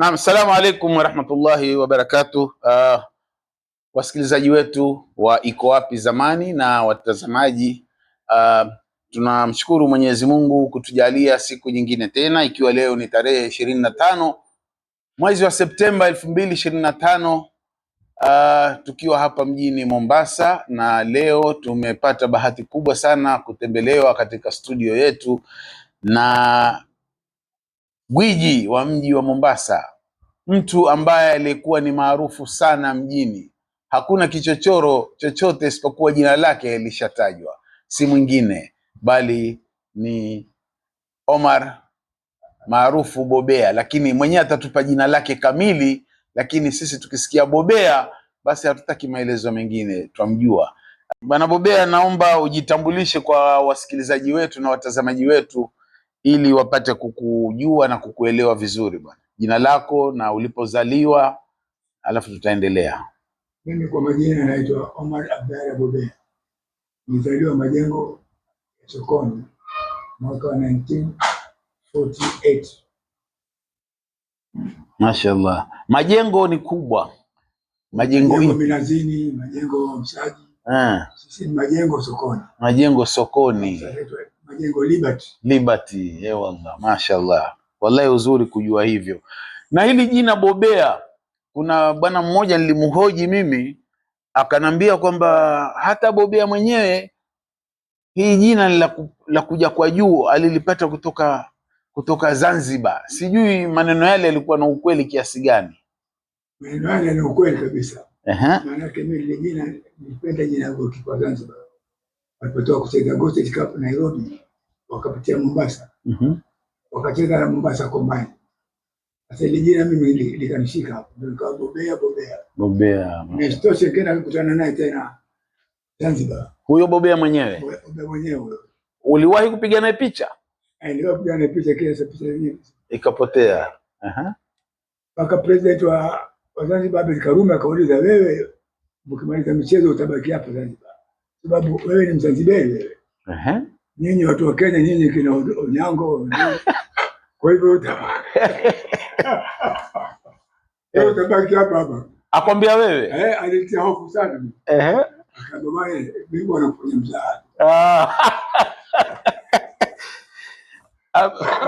Naam, assalamu alaikum warahmatullahi wabarakatuh. Uh, wasikilizaji wetu wa Iko Wapi Zamani na watazamaji uh, tunamshukuru Mwenyezi Mungu kutujalia siku nyingine tena, ikiwa leo ni tarehe ishirini na tano mwezi wa Septemba elfu mbili ishirini na tano uh, tukiwa hapa mjini Mombasa, na leo tumepata bahati kubwa sana kutembelewa katika studio yetu na gwiji wa mji wa Mombasa, mtu ambaye aliyekuwa ni maarufu sana mjini. Hakuna kichochoro chochote isipokuwa jina lake lishatajwa, si mwingine bali ni Omar maarufu Bobea, lakini mwenyewe atatupa jina lake kamili. Lakini sisi tukisikia Bobea, basi hatutaki maelezo mengine, twamjua bwana Bobea. Naomba ujitambulishe kwa wasikilizaji wetu na watazamaji wetu ili wapate kukujua na kukuelewa vizuri bwana. Jina lako na ulipozaliwa, alafu tutaendelea. Mimi kwa majina naitwa Omar Abdalla Bobe, nizaliwa Majengo ya Sokoni mwaka wa 1948. mashallah Majengo ni kubwa, Majengo Minazini, Majengo Msaji, eh. sisi Majengo Sokoni, Majengo Sokoni. Sasa, majengo Liberty. Liberty, yawallah, eh, mashallah, wallahi uzuri kujua hivyo. Na hili jina bobea, kuna bwana mmoja nilimhoji mimi akanambia kwamba hata bobea mwenyewe hii jina la, la kuja kwa juu alilipata kutoka kutoka Zanzibar. Sijui maneno yale yalikuwa na ukweli kiasi gani? Maneno yale yana ukweli kabisa. Maana yake mimi lile jina nilipenda jina kwa Zanzibar walipotoka kucheza Gold State Cup Nairobi, wakapitia Mombasa mm -hmm. wakacheza na Mombasa Combine. Sasa ile jina mimi likanishika hapo, ndio nikawa bobea bobea bobea. Nisitoshe kenda nikutana naye tena Zanzibar, huyo bobea mwenyewe, bobea mwenyewe huyo. Uliwahi kupiga naye picha? Eh, niliwahi kupiga naye picha, kile picha yenyewe ikapotea. Aha, paka president wa Zanzibar Abed Karume akauliza, wewe mkimaliza michezo utabaki hapa Zanzibar? sababu wewe ni Mzanzibari wewe. Uh-huh. Nyinyi watu wa Kenya, nyinyi kina Onyango. Kwa hivyo utabaki hapa hapa. Akwambia wewe? Eh, alitia hofu sana. Eh. mimi Akasema Mungu anakufanya ah.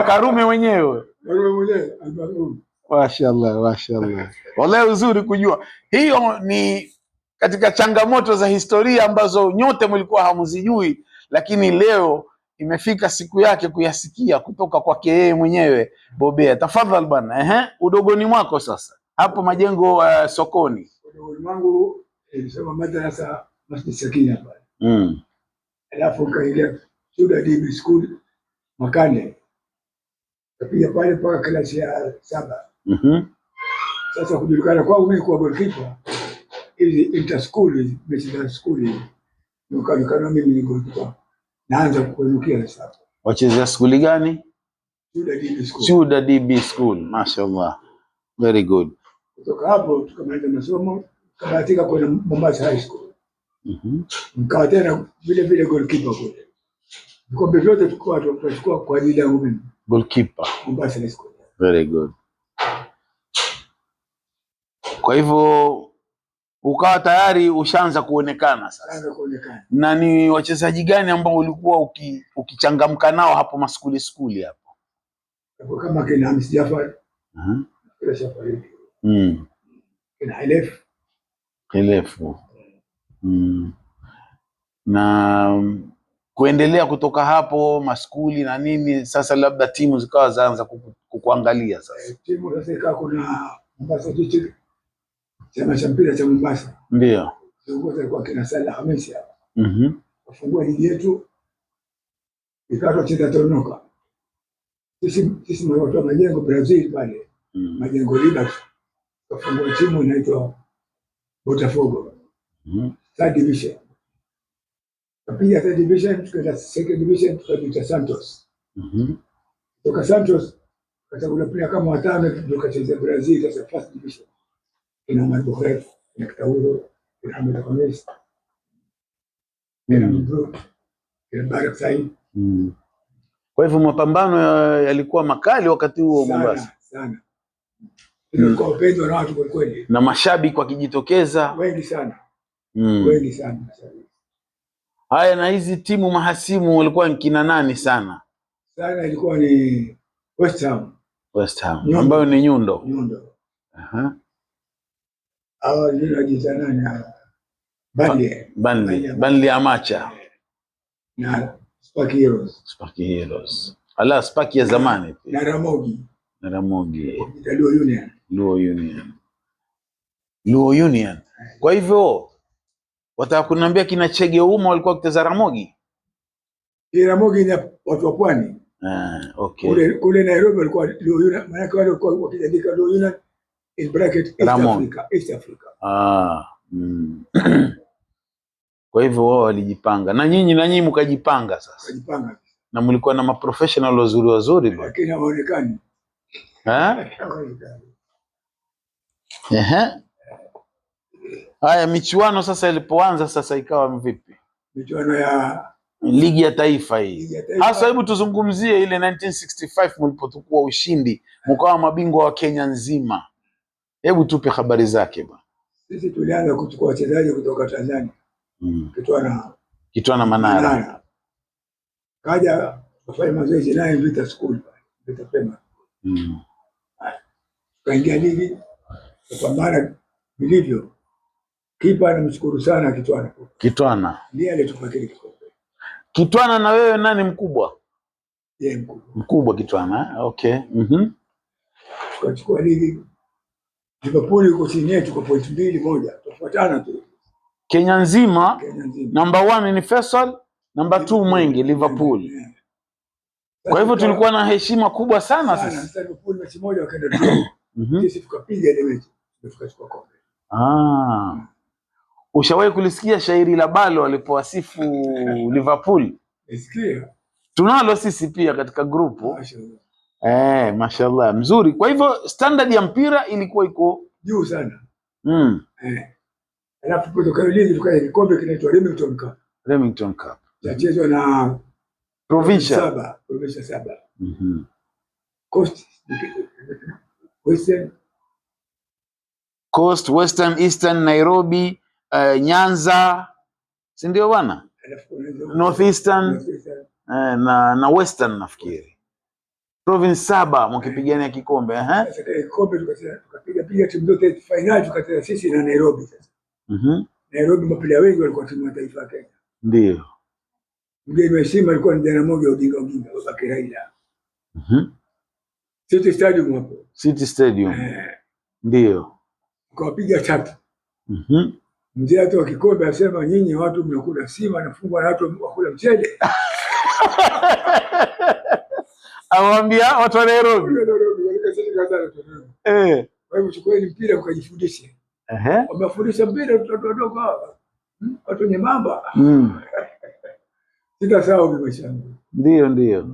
Karume mwenyewe. Karume mwenyewe. Mashaallah, mashaallah. Wallahi uzuri kujua. Hiyo ni katika changamoto za historia ambazo nyote mlikuwa hamzijui, lakini leo imefika siku yake kuyasikia kutoka kwake yeye mwenyewe. Bobea, tafadhali bwana, Ehe, udogoni mwako sasa hapo majengo uh, sokoni. Udogoni nilisoma madrasa Masjid Sakina pale, mm, alafu kaingia Suda School Makande, kapiga pale mpaka klasi ya saba. mm -hmm. Sasa kujulikana kwangu mimi kuwa golkipa hizi intaskuli mechi za skuli nikajikana mimi niko naanza sasa. Wachezea skuli gani? Chuda DB School. Mashaallah, very good. Kutoka hapo tukamaliza masomo, tukabahatika kwenda Mombasa High School. Mhm. Nikawa tena vile vile goalkeeper kule. Vikombe vyote tunachukua kwa ajili yangu mimi. Goalkeeper. Mombasa High School. Very good. Kwa hivyo ukawa tayari ushaanza kuonekana sasa, na ni wachezaji gani ambao ulikuwa uki, ukichangamka nao hapo maskuli skuli hapo? kama kina Hamis Jafar mm. kina Hilef Hilef mm. na mm, kuendelea kutoka hapo maskuli na nini, sasa labda timu zikawa zaanza kuku, kukuangalia sasa. Eh, timu sasa ikawa kuna chama cha mpira cha Mombasa, ndio viongozi walikuwa kina Sala Hamisi hapa, mhm, mm wafungua ligi yetu ikawa tunacheza Tonoka. Sisi sisi mwa watu wa majengo Brazil pale, mhm. majengo Liberty, wafungua timu inaitwa Botafogo, mhm, mm third division Kapiga third division tukaenda second division tukajuta Santos. Mhm. mm Toka Santos kachagula pia kama watano ndio kachezea Brazil sasa first division. إلى ما البخاري إنك تقول إلى حمد الخميس إلى مبروك إلى مبارك سعيد kwa hivyo mapambano eh, yalikuwa makali wakati huo Mombasa sana, sana. Hmm. upendo na watu kweli, na mashabiki wakijitokeza wengi sana, mm. wengi sana. Haya, na hizi timu mahasimu walikuwa nkina nani sana sana? Ilikuwa ni West Ham. West Ham ambayo ni Nyundo, Nyundo. uh -huh hawa Bandi. Bandi. Burnley amacha na Spark Heroes. Spark Heroes. Ala Spark ya zamani na Ramogi. Na Ramogi. Luo Union. Luo Union. Luo Union. Kwa hivyo wataka kuniambia kina Chege Umo walikuwa wakicheza Ramogi? Ile Ramogi ni watu wa pwani. Ah, okay. Kule Nairobi walikuwa Luo Union, maana wale walikuwa wakiandika Luo Union. Ramon. East Africa. Ah, mm. Kwa hivyo wao walijipanga na nyinyi na nyinyi mkajipanga sasa. Mkajipanga. Na mlikuwa na maprofessional wazuri wazuri bwana. Lakini hawaonekani. Eh? Ehe. Haya, michuano sasa ilipoanza sasa ikawa mvipi? Michuano ya ligi ya taifa hii hasa, hebu tuzungumzie ile 1965 mlipotukua ushindi mkawa mabingwa wa Kenya nzima. Hebu tupe habari zake bwana. Sisi tulianza kuchukua wachezaji kutoka Tanzania mm. Kitwana, Kitwana Manara, Manara kaja kufanya mazoezi naye Vita School Vita Pema mm. Tukaingia ligi tukapambana vilivyo. Kipa namshukuru sana Kitwana, Kitwana ndiye alitupa kile kikombe. Kitwana na wewe nani mkubwa? Yeah, mkubwa mkubwa Kitwana, eh? okay. mm -hmm. Tukachukua ligi Liverpool yuko chini yetu kwa point mbili moja, tofautana tu. Kenya nzima, Kenya nzima. Number one ni Faisal, number 2 Mwenge Liverpool. Kwa hivyo tulikuwa na heshima kubwa sana sisi. Liverpool mechi moja wakaenda draw. Mhm. Sisi tukapiga ile mechi, tukachukua kombe. Ah. Ushawahi kulisikia shairi la Balo alipowasifu Liverpool? Nisikia. Tunalo sisi pia katika grupu. Mashallah. Eh, mashallah mzuri. Kwa hivyo standard ya mpira ilikuwa iko juu sana. Mm. Eh. Alafu kutoka ilikuwa ile kombe kinaitwa Remington Cup. Remington Cup. Tachezwa na provincia saba, provincia saba. Mhm. Coast Western Coast, Western, Eastern, Nairobi, uh, Nyanza, si ndio bwana? Northeastern, North eh, na na Western nafikiri province saba eh. mkipigania kikombe eh, kikombe tukapiga piga timu zote finali, tukatana sisi na Nairobi. Sasa mhm, Nairobi mapilia wengi walikuwa timu ya taifa ya Kenya, ndio mgeni wa heshima alikuwa kijana mmoja Odinga Odinga, baba Kiraila, mhm, City Stadium hapo, City Stadium eh. ndio tukawapiga tatu. Mhm, mzee hata wa kikombe asema, nyinyi watu mnakula sima nafungwa na watu wakula mchele Awaambia watu wa Nairobi. Eh. Wewe mchukueni mpira mkajifundishe. Ehe. Wamefundisha mpira watoto wadogo hawa. Hmm? Watu wenye mamba. Mm. Sitasahau maisha yangu. Ndio, ndio.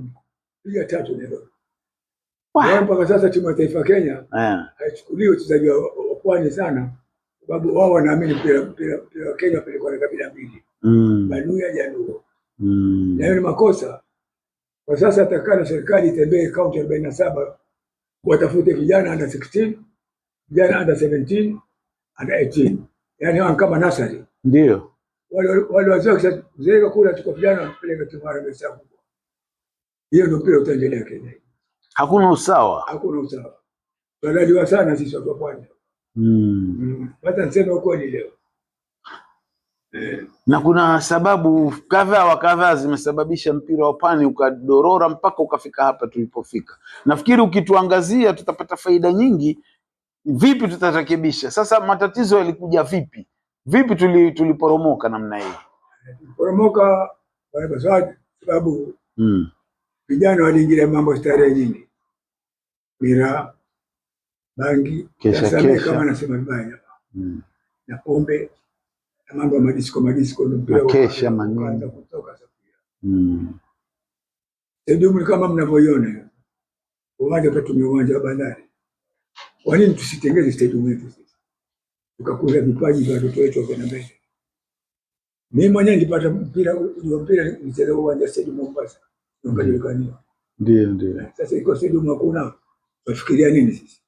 Piga tatu Nairobi. Wow. Mpaka sasa timu ya taifa Kenya eh. haichukuliwi wachezaji wa pwani sana, sababu wao wanaamini mpira mpira wa Kenya pelekwa na kabila mbili, mm. Banuya Jaluo, hmm. na hiyo ni makosa. Kwa sasa atakana serikali itembee kaunti arobaini na saba watafute vijana anda 16, vijana anda 17, anda 18, yani wao kama nasari ndio wale wale wazee wakishazeeka kula tuko vijana wanapeleka tumara mesa kubwa. Hiyo ndio mpira utaendelea Kenya. Hakuna usawa, hakuna usawa, tunajua sana sisi watu wa pwani. Hmm. Hmm. Hata niseme ukweli leo na kuna sababu kadhaa wa kadhaa zimesababisha mpira wa pani ukadorora mpaka ukafika hapa tulipofika. Nafikiri ukituangazia tutapata faida nyingi. Vipi tutarekebisha sasa? Matatizo yalikuja vipi? Vipi tuli, tuliporomoka namna hii? Poromoka kwa sababu hmm. vijana mm, waliingilia mambo starehe nyingi, mira, bangi, kesha, kesha, kama nasema vibaya mm, na pombe mambo ya madisko madisko, makesha manini stadium mm. kama mnavyoiona, uwanja utatumia uwanja wa bandari. Kwa nini tusitengeze stadium yetu sisi tukakuza vipaji vya watoto wetu wakena mbele? Mimi mwenyewe nilipata mpira wa mpira nicheza uwanja stadium Mombasa, ndio ndio. Sasa iko stadium hakuna, tunafikiria nini sisi?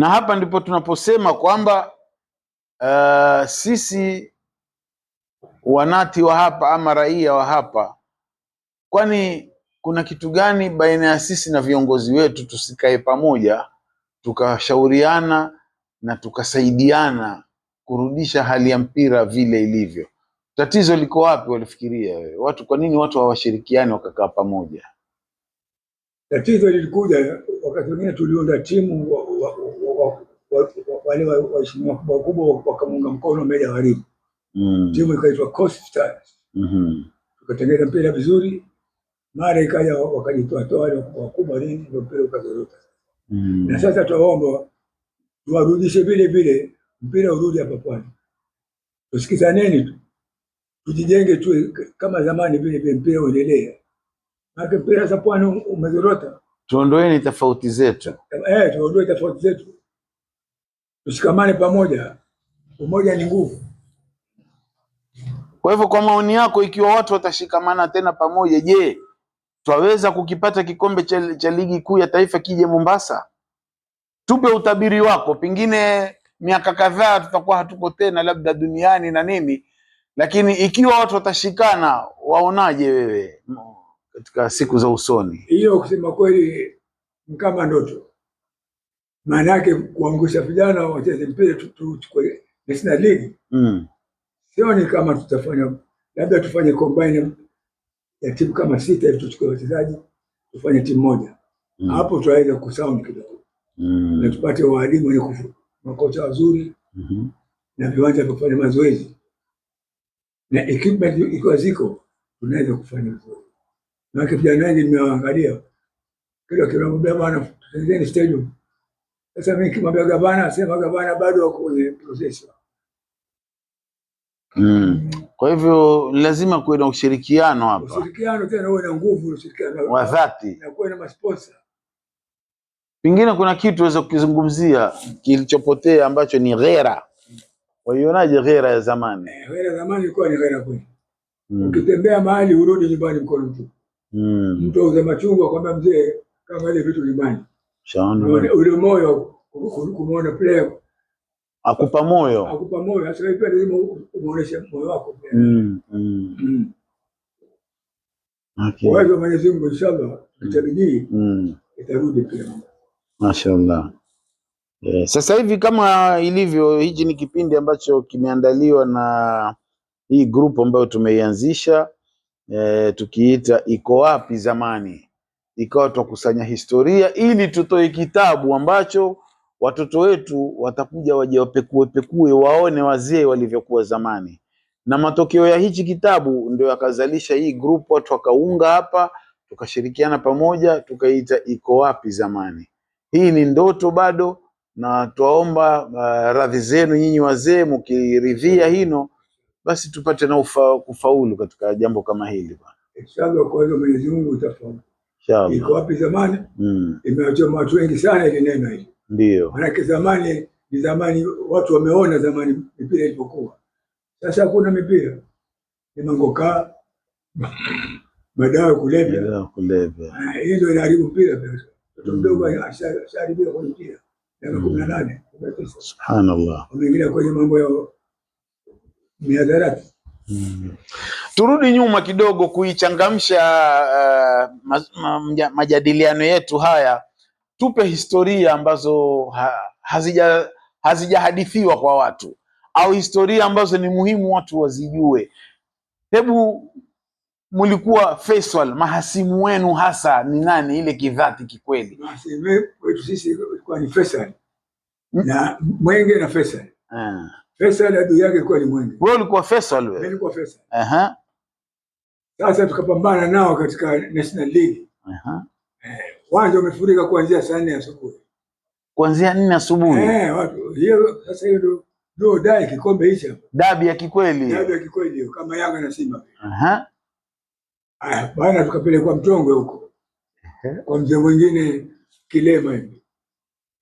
na hapa ndipo tunaposema kwamba uh, sisi wanati wa hapa ama raia wa hapa, kwani kuna kitu gani baina ya sisi na viongozi wetu tusikae pamoja tukashauriana na tukasaidiana kurudisha hali ya mpira vile ilivyo? Tatizo liko wapi? Walifikiria wewe watu, kwa nini watu hawashirikiani wakakaa pamoja? Tatizo lilikuja wakati wengine tuliunda timu wale waheshimiwa kubwa kubwa wakamunga mkono Meja Mm. timu ikaitwa Coast Stars. Mm-hmm. Tukatengeneza mpira vizuri, mara ikaja wakajitoatoa wale wakubwa wakubwa nini, ndio mpira ukazoroka. Mm. Na sasa twaomba tuwarudishe vile vile, mpira urudi hapa Pwani, tusikizaneni tu, tujijenge tu kama zamani vile vile, mpira uendelee, maana mpira za Pwani umezorota. Tuondoeni tofauti zetu, eh, tuondoe tofauti zetu Tushikamane pamoja, umoja ni nguvu. Kwa hivyo, kwa maoni yako, ikiwa watu watashikamana tena pamoja, je, twaweza kukipata kikombe cha, cha ligi kuu ya taifa kije Mombasa? Tupe utabiri wako, pengine miaka kadhaa tutakuwa hatuko tena labda duniani na nini, lakini ikiwa watu watashikana, waonaje wewe katika siku za usoni? Hiyo kusema kweli ni kama ndoto maana yake kuangusha vijana wacheze mpira tuchukue national league mm. Sioni kama tutafanya, labda tufanye combine ya timu kama sita hivi, tuchukue wachezaji tufanye timu moja mm. hapo mm. Tunaweza kusound kidogo mm. na tupate waalimu wenye kufu makocha wazuri mm -hmm. na viwanja vya kufanya mazoezi na equipment ikiwa ziko, tunaweza kufanya vizuri. Maana vijana wengi nimewaangalia kila kila bwana, tengezeni stadium sasa mimi nikimwambia gavana, sema gavana bado wako kwenye prosesi. Mm. Kwa hivyo lazima kuwe na ushirikiano hapa. Ushirikiano tena uwe na nguvu, ushirikiano wa dhati. Na kuwe na masponsa. Pengine kuna kitu waweza kukizungumzia kilichopotea ambacho ni ghera. Waionaje ghera ya zamani? Eh, ghera ya zamani ilikuwa ni ghera kweli. Mm. Ukitembea mahali urudi nyumbani mkono hmm. mtu. Mm. Mtu auza machungwa kwamba mzee kama ile vitu nyumbani. Shaona ule ule moyo kumwona player akupa moyo, akupa moyo. Sasa hivi lazima umuoneshe moyo wako mm, mm. mm. okay. Wewe Mwenyezi Mungu inshallah mm. itabidi mm. itarudi pia mashaallah. Yeah. Sasa hivi kama ilivyo, hichi ni kipindi ambacho kimeandaliwa na hii grupu ambayo tumeianzisha, eh, tukiita iko wapi zamani ikawa twakusanya historia ili tutoe kitabu ambacho watoto wetu watakuja waje wapekue pekue waone wazee walivyokuwa zamani. Na matokeo ya hichi kitabu ndio yakazalisha hii group, watu wakaunga hapa, tukashirikiana pamoja, tukaita Iko Wapi Zamani. Hii ni ndoto bado, na twaomba uh, radhi zenu nyinyi wazee, mkiridhia hino basi tupate na ufa, kufaulu katika jambo kama hili bwana. Inshallah, kwa hiyo Mwenyezi Mungu utafaulu iko wapi zamani? mm. imewacha watu wengi sana ile neno hili, ndio maanake zamani ni zamani, watu wameona zamani mipira ilipokuwa. Sasa hakuna mipira, ni mangoka. madawa kulevya, kulevya. Ah, hiyo ndio inaharibu mpira. Mtoto mm. mdogo ashaharibiwa kwenye mpira miaka mm. kumi na nane, subhanallah, ameingia kwenye mambo ya mihadarati. Mm. Turudi nyuma kidogo kuichangamsha uh, ma, ma, ma, majadiliano yetu haya, tupe historia ambazo ha, hazija hazijahadithiwa kwa watu au historia ambazo ni muhimu watu wazijue. Hebu mlikuwa Faisal, mahasimu wenu hasa ni nani ile kidhati kikweli? ni Faisal hmm? na Mwenge na Faisal. Ah. Faisal adui yake ilikuwa ni Mwenge. Wewe ulikuwa Faisal wewe? Nilikuwa Faisal. Aha. Sasa tukapambana nao katika National League. Aha. Eh, wanja wamefurika kuanzia saa nne asubuhi. Kuanzia nne asubuhi. Eh, watu. Hiyo sasa hiyo ndio ndio dai kikombe hicho. Dabi ya kikweli. Dabi ya kikweli hiyo kama Yanga na Simba. Aha. Uh -huh. Ah, bwana tukapelekwa Mtongwe huko. Kwa mzee mwingine Kilema hivi.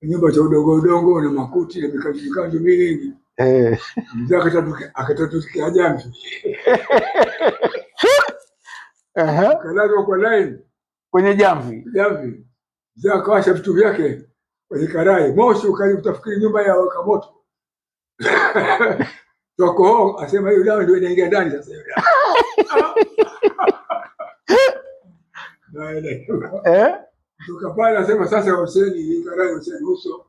Nyumba cha udongo udongo na makuti na mikanjo mikanjo mingi. Eh. Mzee akatatuki akatatuki ajambi kalazwa kwa line kwenye jamvi jamvi, akawasha vitu vyake kwenye karai, moshi ukaja utafikiri nyumba ya waka moto home, asema hiyo dawa ndio inaingia ndani sasa hiyo eh? asema sasa karai uso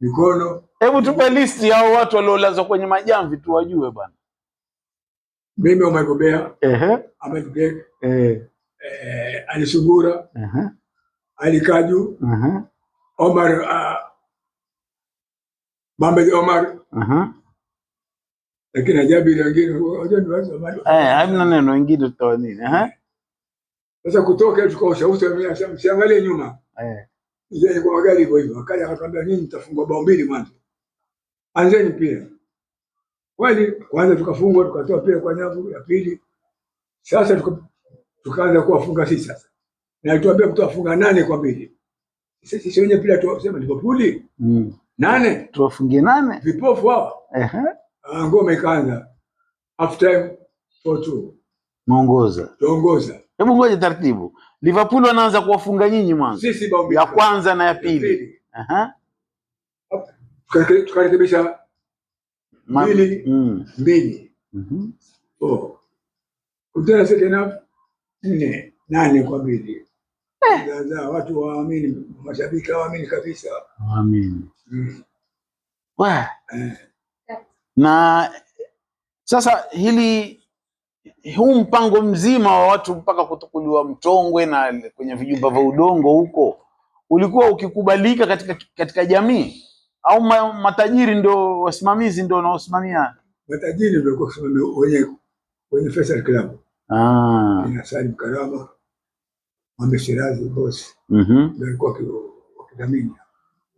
mikono. Hebu tupe listi ya watu waliolazwa kwenye majamvi tuwajue bwana mimi umegobea Bea, ehe, Ahmed Black, eh, eh, Ali Sugura, ehe, Ali Kaju, ehe, Omar uh, Mohamed Omar, ehe, lakini ajabu wengine hoja ni wazo bado, eh, hamna neno wengine tutoa nini, ehe. Sasa kutoka tukaosha uso mimi siangalie nyuma, eh, yeye kwa magari kwa hivyo, akaja akatuambia nini, mtafungwa bao mbili mwanzo, anzeni pia Kweli kwanza tukafungwa tukatoa pia kwa nyavu ya pili. Sasa tukaanza kuwafunga sisi sasa. Na tuambia kutofunga nane kwa mbili. Sisi sisi wenyewe pia tuwasema Liverpool. Mm. Nane tuwafungie nane. Vipofu hao. ehe, ngome ah, Ngoma ikaanza. Half time 4 two Muongoza. Tuongoza. Hebu ngoja taratibu. Liverpool wanaanza kuwafunga nyinyi mwanzo. Sisi bao ya kwanza na ya pili. Aha. Tukarekebisha mbili mm. mbili mhm. oh. kutoa second nne nane kwa mbili eh. za watu waamini, mashabiki waamini kabisa, waamini mm. wa eh. na sasa hili huu mpango mzima wa watu mpaka kutukuliwa Mtongwe na kwenye vijumba vya udongo huko ulikuwa ukikubalika katika, katika jamii au ma, matajiri ndio wasimamizi ndio wanaosimamia matajiri ndio kusimamia wenye wenye Faisal Club. Ah, ina Salim Karama, Mame Shirazi boss. Mhm, mm ndio alikuwa akidhamini.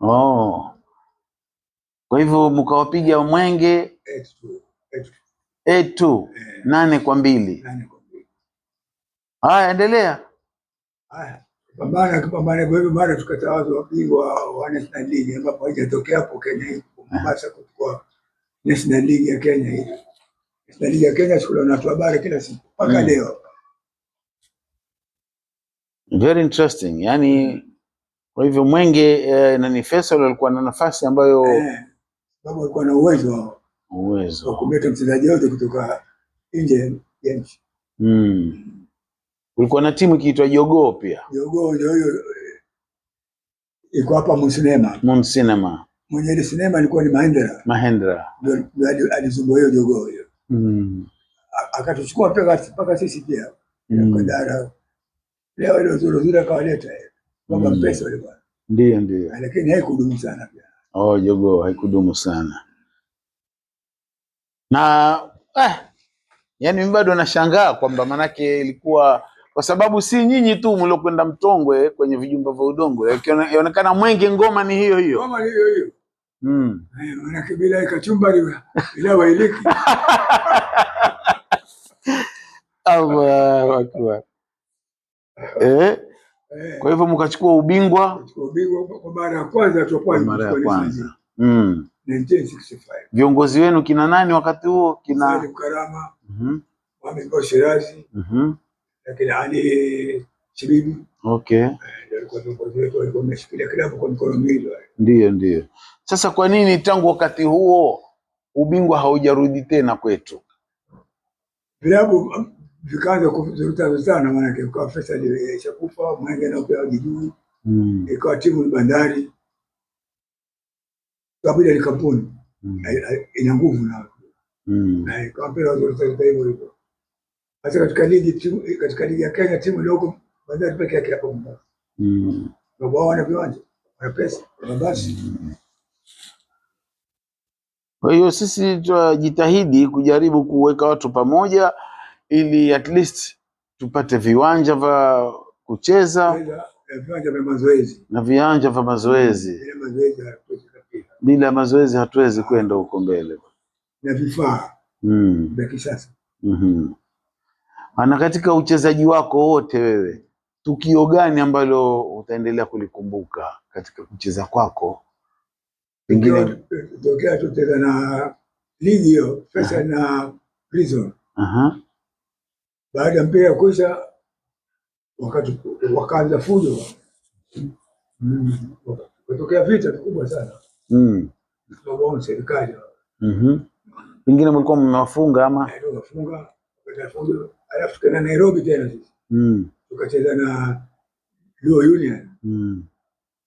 Oh, kwa hivyo mkawapiga Mwenge E2 82 eh. nane kwa mbili. Haya, endelea. Haya pambana kupambana. Kwa hivyo mara tukatawazwa wabingwa wa National League ambapo haijatokea hapo Kenya hii Mombasa, kutoka National League ya Kenya hii National League ya Kenya shule na habari kila siku mpaka mm. leo. Very interesting. Yani kwa hivyo Mwenge eh, na ni Faisal alikuwa na nafasi ambayo eh, sababu alikuwa na uwezo uwezo wa kumleta mchezaji yote kutoka nje ya nchi. Mm ulikuwa na timu ikiitwa Jogoo pia. Jogoo ndio hiyo eh, iko hapa Msinema. Msinema. Mwenye ile sinema alikuwa ni Mahendra. Mahendra. Ndio alizungua hiyo Jogoo hiyo. Mm. Akatuchukua pia mpaka sisi pia. Mm. Kwa Leo ile zuri zuri akawaleta yeye. Baba mm. Mpesa yule bwana. Ndio ndio. Ah, lakini haikudumu sana pia. Oh, Jogoo haikudumu sana. Na eh, yani mimi bado nashangaa kwamba manake ilikuwa kwa sababu si nyinyi tu mliokwenda Mtongwe kwenye vijumba vya udongo, yaonekana Mwenge ngoma ni hiyo hiyo ngoma ni hiyo hiyo. Mm. Eh, bila ikachumba bila wailiki. Allahu akbar. Eh? eh? Kwa hivyo mkachukua ubingwa kwa mara ya kwanza tu kwa mara ya kwanza. Mm. 1965. Viongozi wenu kina nani wakati huo? Kina Salim Karama. Mhm. Mm Mohamed Mhm. Mm lakini Ali Shibibi okay, walikuwa eh, kwa mikono miwili. Ndio, ndio. Sasa kwa nini tangu wakati huo ubingwa haujarudi tena kwetu? Vilabu ah, vikaanza sana, maanake ukawa Faisal shakufa Mwenge nao pia wajijui, hmm. ikawa timu ni Bandari kabila ni kampuni hmm. ina nguvu na hmm. ikawa mpira wazurutazurutahivyo hivyo Hasa katika ligi timu, eh, katika ligi ya Kenya timu iliyoko Bandari peke yake hapo Mombasa. Mm. Sababu wao wana viwanja, wana pesa, wana basi. Mm. Kwa hiyo sisi tunajitahidi kujaribu kuweka watu pamoja ili at least tupate viwanja vya kucheza viwanja eh, vya mazoezi na viwanja vya mazoezi. Bila mazoezi hatuwezi kwenda huko mbele, na vifaa mm. vya kisasa. Mhm ana katika uchezaji wako wote wewe, tukio gani ambalo utaendelea kulikumbuka katika kucheza kwako? Pengine tokea tucheza na ligi sasa na Prison. Aha. Baada ya mpira kuisha, wakati wakaanza fujo mm. Katokea vita kubwa sana mm. Serikali mm -hmm. Pengine mlikuwa mmewafunga ama eh, wafunga fujo alafu tukaenda Nairobi tena sisi mm. tukacheza na Luo Union mm.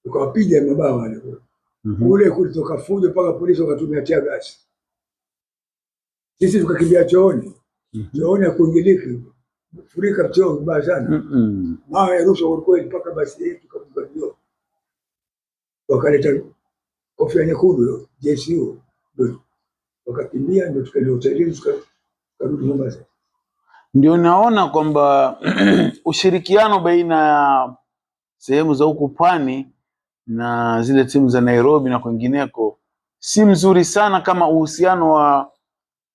tukawapiga mabao wale mm -hmm. ule kulitoka fujo mpaka polisi wakatumia tear gas. sisi tukakimbia chooni mm -hmm. chooni akuingiliki furika choo vibaya sana mm -mm. mawe yarushwa kwa kweli mpaka basi yetu tukafunga jio, wakaleta kofia nyekundu JCU, ndio wakakimbia, ndio tukaenda hotelini tukarudi Mombasa. Ndio naona kwamba ushirikiano baina ya sehemu za huku pwani na zile timu za Nairobi na kwingineko si mzuri sana kama uhusiano wa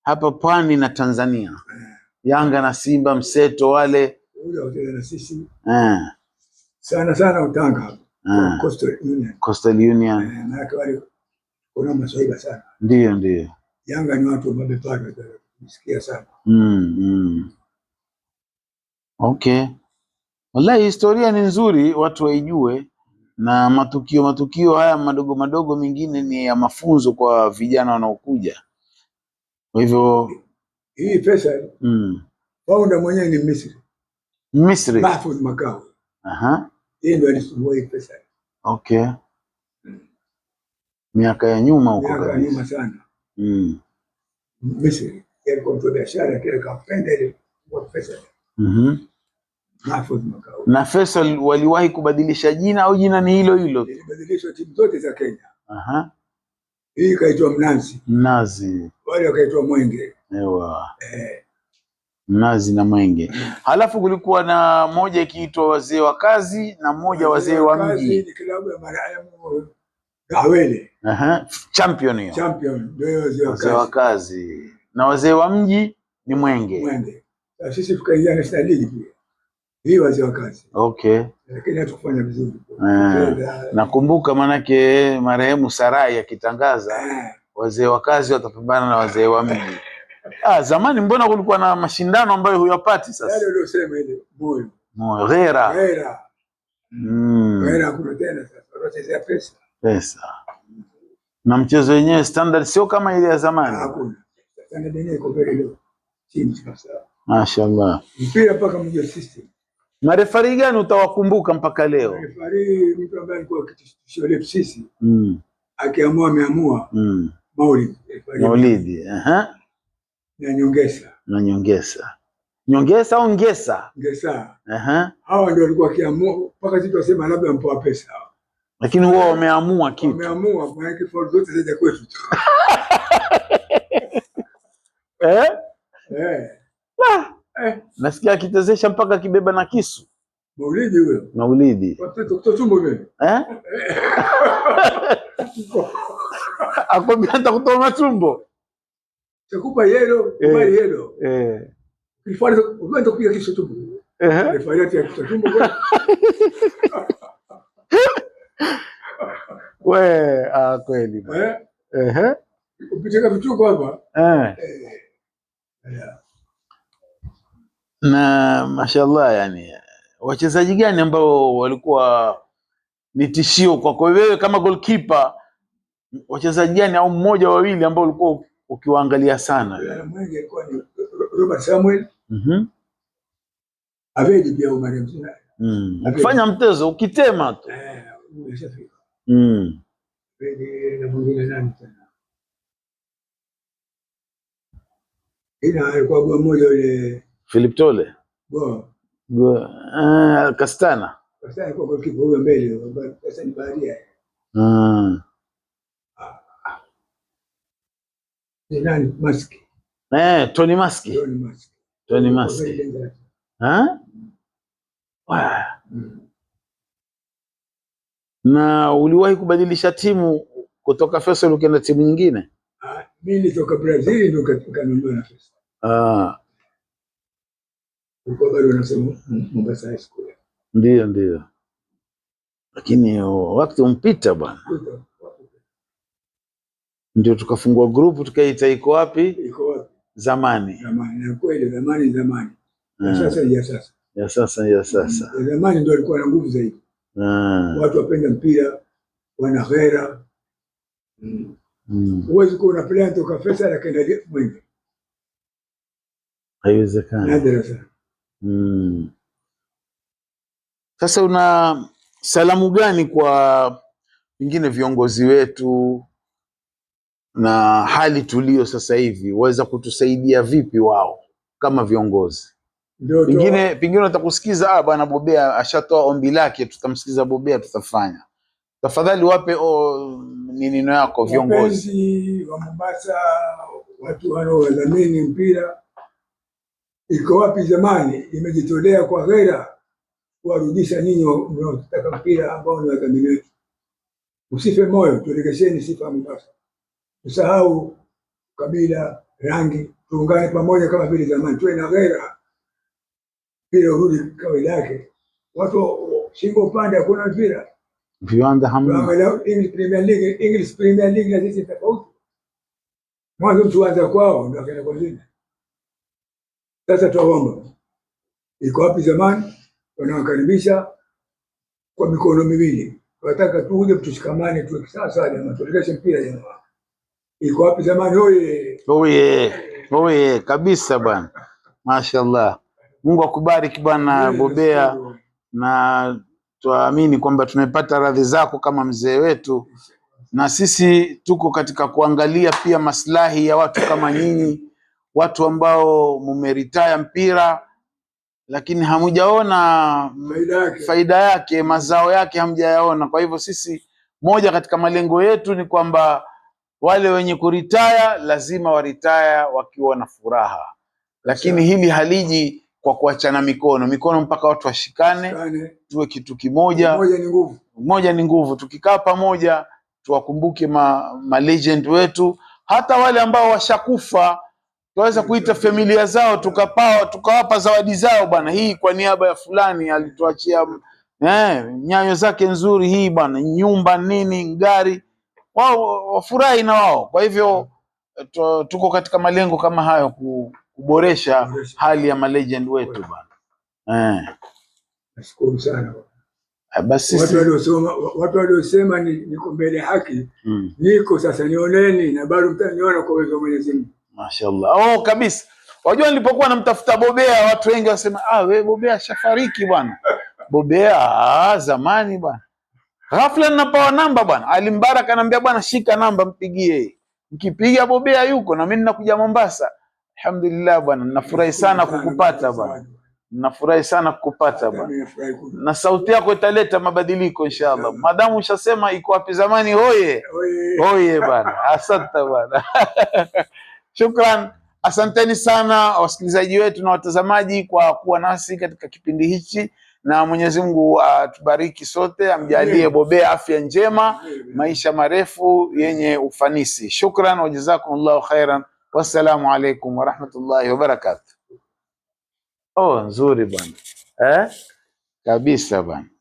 hapa pwani na Tanzania, Yanga na Simba, mseto wale na sisi eh, sana sana Utanga eh, Coastal Union, Coastal Union eh, na wale kuna masaiba sana, ndio ndio Yanga ni watu wa mabepaka, kusikia sana mm, mm. Okay. Wallahi historia ni nzuri watu waijue, na matukio matukio haya madogo madogo mengine ni ya mafunzo kwa vijana wanaokuja. Kwa hivyo Hii pesa mm, founder mwenyewe ni Misri, Misri. Mahfoudh Makao. Aha. Yeye ndio alisukuma hii pesa. Okay. Mm. Miaka ya nyuma huko Miaka ya nyuma sana. Mm. Misri. Yeye kwa biashara, yake kampenda ile kwa pesa. Mhm. Mm na waliwahi kubadilisha jina au jina ni hilo hilo? Ilibadilishwa timu zote za Kenya. Aha. Hii ikaitwa Mnazi. Mnazi. Wale wakaitwa Mwenge. Ewa. Eh. Mnazi na Mwenge. Halafu kulikuwa na moja ikiitwa wazee wa kazi na moja wazee wa mji. Ni klabu ya marehemu Gawele. Aha. Champion hiyo. Champion ndio wazee wa kazi. Wazee wa kazi. Na wazee wa mji ni Mwenge. Mwenge. Sisi tukaingia na ligi pia hii wazee wa kazi. Okay. Lakini hatukufanya vizuri. Eh, nakumbuka maanake marehemu Sarai akitangaza eh. wazee wa kazi watapambana na wazee wa mji. Ah, zamani mbona kulikuwa na mashindano ambayo huyapati sasa? Yale yaani uliosema ile moyo. Moyo ghera. Ghera. Mm. Ghera kuna tena sasa. Wanachezea pesa. Pesa. Na mchezo wenyewe standard sio kama ile ya zamani. Hakuna. Standard yenyewe iko vile leo. Chini kabisa. Mashaallah. Mpira paka mjio system. Marefari gani utawakumbuka mpaka leo? Marefari mtu ambaye alikuwa kitisho letu sisi mm. akiamua ameamua mm. maulidi maulidi, aha, na nyongesa na nyongesa nyongesa au ngesa ngesa, aha, Hao ndio walikuwa akiamua mpaka sisi tuseme labda ampoa pesa, lakini wao wameamua kitu, wameamua kwa maana kwa zote zaje kwetu Eh? eh Ah eh. Nasikia akitezesha mpaka akibeba na kisu. Maulidi huyo. Maulidi. Watoto tumbo Eh? Akwambia hata kutoa matumbo. Takupa yelo, kubali yelo. Eh. eh. Kifari kisu tumbo. Eh. Kifari tumbo ah, kweli. Eh. Eh. eh. hapa. Eh. eh. Yeah na mashallah, yani wachezaji gani ambao walikuwa ni tishio kwako wewe kama goalkeeper? Wachezaji gani au mmoja wawili ambao ulikuwa ukiwaangalia sana? Robert Samuel mhm. mm -hmm. mm. kufanya mtezo ukitema tu eh, mm. ila alikuwa mmoja yule Philip Tole Goa. Kastana Tony Maski, Tony Maski hmm. na uliwahi kubadilisha timu kutoka Feisal ukienda timu nyingine? Ah, mimi nitoka Brazil ndo katika na Feisal. Ah. Ndio, ndio, lakini wakati umpita bwana, ndio tukafungua grupu tukaita iko wapi? Iko wapi? Zamani, zamani na kweli, zamani, zamani eh. ya sasa, ya sasa, ya sasa, ya sasa. Zamani ndio alikuwa na nguvu zaidi, eh. watu wapenda mpira, wana hera mm. Mm. Huwezi kuwa unapelea toka pesa lakini mwingi haiwezekani. Nadra sana. Mm. Sasa una salamu gani kwa pengine viongozi wetu na hali tulio sasa hivi, waweza kutusaidia vipi wao kama viongozi? Pengine pengine watakusikiza, ah, bwana Bobea ashatoa ombi lake, tutamsikiza Bobea, tutafanya. Tafadhali wape oh, ni neno yako viongozi wa Mombasa, watu wanaodhamini mpira iko wapi zamani, imejitolea kwa ghera kuwarudisha nyinyi mnaotaka mpira ambao ni wakamili wetu. Usife moyo, tuelekesheni sifa Mombasa, usahau kabila, rangi, tuungane pamoja kama vile zamani, tuwe na ghera, mpira urudi kawaida yake. Watu shingo upande, hakuna mpira viwanja hamna. Premier League, English Premier League na sisi tofauti. Mwanzo mtu anza kwao ndio akaenda kwa zingine sasa twaomba, iko wapi zamani wanawakaribisha kwa mikono miwili, wanataka tuje tushikamane, tuwe sawasawa. Jamaa tuelekeshe mpira jamaa, iko wapi zamani? Oye, oye, oye kabisa bwana, mashaallah. Mungu akubariki bwana Bobea, na twaamini kwamba tumepata radhi zako kama mzee wetu, na sisi tuko katika kuangalia pia maslahi ya watu kama nyinyi watu ambao mumeritaya mpira lakini hamujaona faida yake, faida yake mazao yake hamjayaona. Kwa hivyo sisi, moja katika malengo yetu ni kwamba wale wenye kuritaya lazima waritaya wakiwa na furaha, lakini hili haliji kwa kuachana mikono mikono, mpaka watu washikane, tuwe kitu kimoja. moja ni nguvu. Tukikaa pamoja, tuwakumbuke ma, ma legend wetu, hata wale ambao washakufa tukaweza kuita familia zao, tukapawa tukawapa zawadi zao, bwana, hii kwa niaba ya fulani alituachia eh, nyayo zake nzuri, hii bwana, nyumba nini, gari, wao wafurahi na wao. Kwa hivyo tuko katika malengo kama hayo, kuboresha hali ya malegend wetu bwana eh. Nashukuru sana eh, basi watu waliosema watu waliosema niko mbele haki, mm. niko sasa, nioneni na bado mtaniona kwa uwezo wa Mwenyezi Mungu. Mashallah. Oh, kabisa. Wajua, nilipokuwa namtafuta Bobea, watu wengi wasema, ah, we Bobea shafariki bwana. Bobea ah, zamani bwana. Ghafla ninapawa namba bwana. Ali Mbarak anambia bwana, shika namba mpigie. Mkipiga Bobea yuko na mimi ninakuja Mombasa. Alhamdulillah bwana, nafurahi sana kukupata bwana. Nafurahi sana kukupata bwana. Na sauti yako italeta mabadiliko inshallah. Madamu ushasema iko wapi zamani, hoye. Hoye bwana. Asante bwana. Shukran, asanteni sana wasikilizaji wetu na watazamaji kwa kuwa nasi katika kipindi hichi, na Mwenyezi Mungu atubariki uh, sote, amjalie bobe afya njema, maisha marefu yenye ufanisi. Shukran wa jazakumullahu khairan, wassalamu alaikum warahmatullahi wabarakatuh. Oh, nzuri bwana eh? Kabisa bwana.